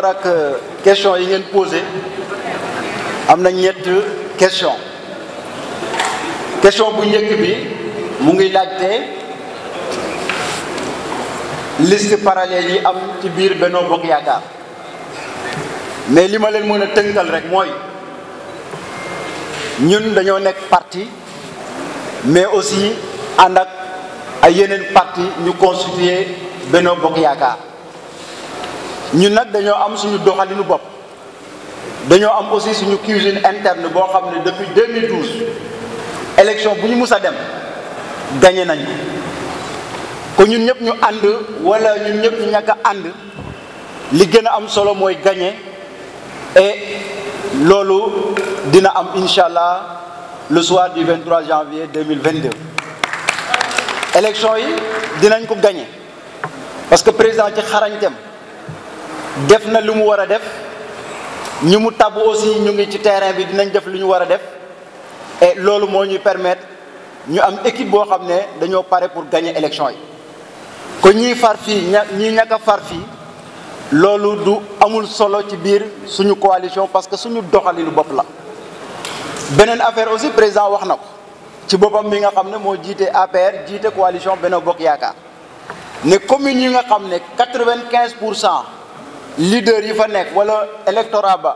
rapport ak euh, question yi ngeen posé am na ñett question question bu njëkk bi mu ngi laajte liste parallèle yi am ci biir Benno Bokk Yaakaar mais li ma leen mën a tënkal rek mooy ñun dañoo nekk parti mais aussi ànd ak ay yeneen parti ñu constituer Benno Bokk Yaakaar ñun nag dañoo am suñu doxalinu bopp dañoo am aussi suñu cuisine interne boo xam ne depuis 2012 élection bu ñu mus dem gagné nañ ko ñun ñëpp ñu ànd wala ñun ñëpp ñu ñàkk ànd li gën a am solo mooy gañe et loolu dina am incha allah le soir du 23 janvier 2022 élection yi dinañ ko gañe parce que président ci dem def na lu mu war a def ñu mu tabb aussi ñu ngi ci terrain bi dinañ def lu ñu war a def loolu moo ñuy permettre ñu am équipe boo xam ne dañoo pare pour gagner élection yi ko ñiy far fii ña ñii ñàkk far fii loolu du amul solo ci biir suñu coalition parce que suñu doxali lu bopp la beneen affaire aussi président wax na ko ci boppam mi nga xam ne moo jiite APR jiite coalition Benno Bokk Yaakaar ne commune yi nga xam ne quatre-vingt-quinze pour cent leader yi fa nekk wala électorat ba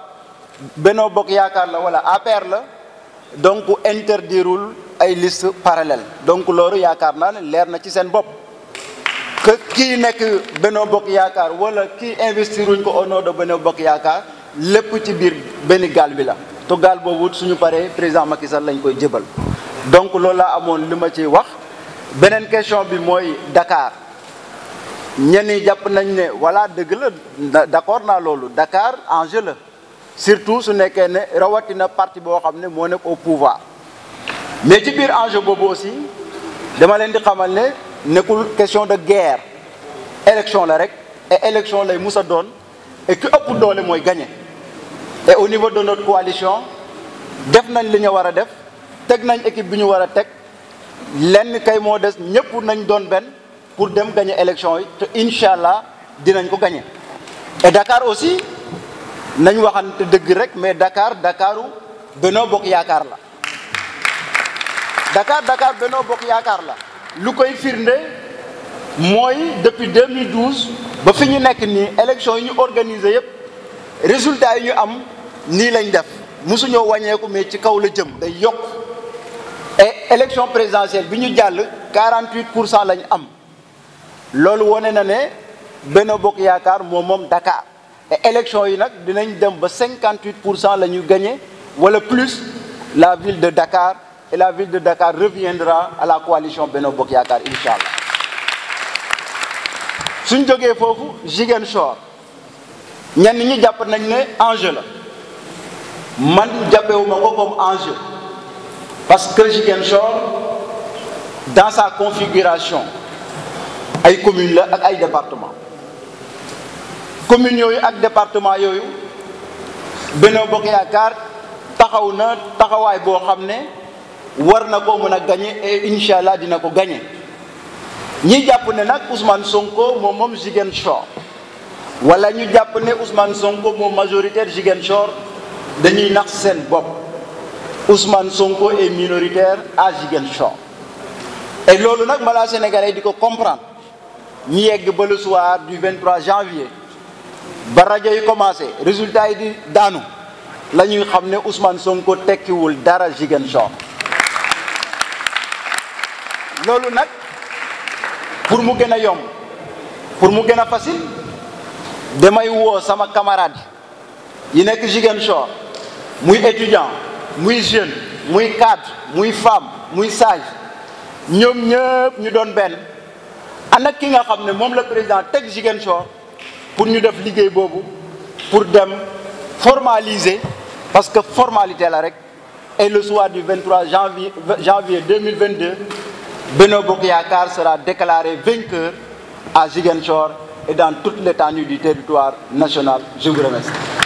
Benno Bokk Yaakaar la wala APR la donc interdirul ay list parallèle donc loolu yaakaar naa ne leer na ci seen bopp que kii nekk Benno Bokk Yaakaar wala kii investir wuñ ko au nom de Bokk Yaakaar lépp ci biir benn gaal bi la te gaal boobu suñu paree président Macky lañ koy jëbal donc loolu laa amoon li ma ci wax beneen question bi mooy dakaar ñenn jàpp nañ ne voilà dëgg la d'accord naa loolu dakaar enjeu la surtout su nekkee ne rawatina parti boo xam ne moo nekk au pouvoir mais ci biir enjeu boobu aussi dama leen di xamal ne nekkul question de guerre élection la rek et élection lay musa doon et ki ëpp doole mooy gagner et au niveau de notre coalition def nañ li ñu war a def teg nañ équipe bi ñu war a teg lenn kay moo des ñëpp nañ doon benn. pour dem gagné élection yi te incha allah dinañ ko gagné. et Dakar aussi nañ waxante dëgg rek mais dakaar dakaaru Benno Bokk Yaakaar la dakaar Dakar Benno Bokk Yaakaar la lu koy firnde mooy depuis 2012 ba fi ñu nekk nii élection yi ñu organisé yëpp résultat yi ñu am nii lañ def mosuñoo wàññeeku mais ci kaw la jëm day yokk et élection présidentielle bi ñu jàll 48 pour cent lañ am. loolu wane na ne benn Bokk Yaakaar moom moom Dakar et élection yi nag dinañ dem ba 58 pour cent la ñu gagné wala plus la ville de dakaar et la ville de Dakar reviendra à la coalition benn Bokk Yaakaar incha allah suñ jógee foofu Ziguinchor ñenn ñi jàpp nañ ne enjeu la man jàppewuma ko comme enjeu parce que Ziguinchor dans sa configuration ay commune la ak ay département commune yooyu ak département yooyu Benno Bokk Yaakaar taxaw na taxawaay boo xam ne war na ko mën a gañe et incha allah dina ko gañe ñi jàpp ne nag Ousmane Sonko moom moom Ziguinchor wala ñu jàpp ne Ousmane Sonko moom majoritaire Ziguinchor dañuy nax seen bopp Ousmane Sonko est minoritaire à Ziguinchor et loolu nag mala Sénégalais di ko comprendre ñu yegg ba le soir du 23 janvier ba rajo yi commencé résultat yi di daanu la ñuy xam ne Ousmane Sonko tekkiwul dara Ziguinchor loolu nag pour mu gën a yomb pour mu gën a facile damay woo sama camarade yi nekk Ziguinchor muy étudiant muy jeune muy cadre muy femme muy sage ñoom ñëpp ñu doon benn ànd ak ki nga xam ne moom la président teg Ziguinchor pour ñu def liggéey boobu pour dem formaliser parce que formalité la rek et le soir du 23 janvier janvier 2022 Benno Bokk Yaakaar sera déclaré vainqueur à Ziguinchor et dans toute l'étendue du territoire national je vous